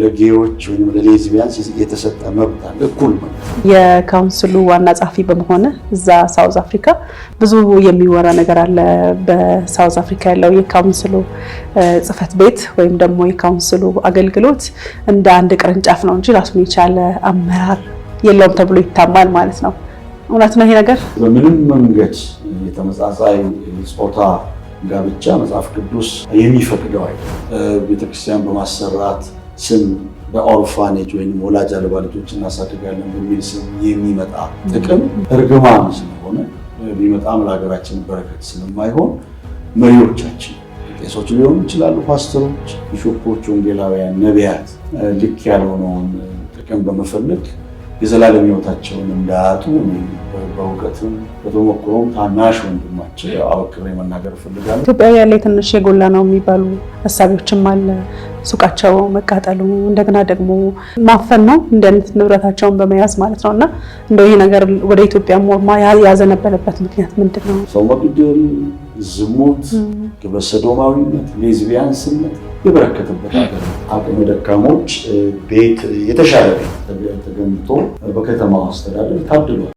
ለጌዎች ወይም ለሌዝቢያንስ የተሰጠ መብት አለ፣ እኩል መብት። የካውንስሉ ዋና ጸሐፊ በመሆነ እዛ ሳውዝ አፍሪካ ብዙ የሚወራ ነገር አለ። በሳውዝ አፍሪካ ያለው የካውንስሉ ጽህፈት ቤት ወይም ደግሞ የካውንስሉ አገልግሎት እንደ አንድ ቅርንጫፍ ነው እንጂ ራሱን የቻለ አመራር የለውም ተብሎ ይታማል ማለት ነው። እውነት ነው ይሄ ነገር። በምንም መንገድ የተመሳሳይ ጾታ ጋብቻ መጽሐፍ ቅዱስ የሚፈቅደው አይደለም። ቤተክርስቲያን በማሰራት ስም በኦርፋኔጅ ወይም ወላጅ አልባ ልጆች እናሳድጋለን በሚል ስም የሚመጣ ጥቅም እርግማን ስለሆነ ቢመጣም ለሀገራችን በረከት ስለማይሆን መሪዎቻችን ቄሶች ሊሆኑ ይችላሉ፣ ፓስተሮች፣ ቢሾፖች፣ ወንጌላውያን፣ ነቢያት ልክ ያልሆነውን ጥቅም በመፈለግ የዘላለም ሕይወታቸውን እንዳያጡ በእውቀትም በተሞክሮም ታናሽ ወንድማቸው አበክሬ መናገር እፈልጋለሁ። ኢትዮጵያ ያለ ትንሽ የጎላ ነው የሚባሉ ሀሳቢዎችም አለ። ሱቃቸው መቃጠሉ እንደገና ደግሞ ማፈን ነው እንደንት ንብረታቸውን በመያዝ ማለት ነው። እና እንደው ይህ ነገር ወደ ኢትዮጵያ ሞርማ ያዘነበለበት ምክንያት ምንድን ነው? ሰው መግደል፣ ዝሙት፣ ግብረ ሌዝቢያንስነት የበረከተበት ሀገር ነው። አቅመ ደካሞች ቤት የተሻለ ቤት ተገንብቶ በከተማው አስተዳደር ታድሏል።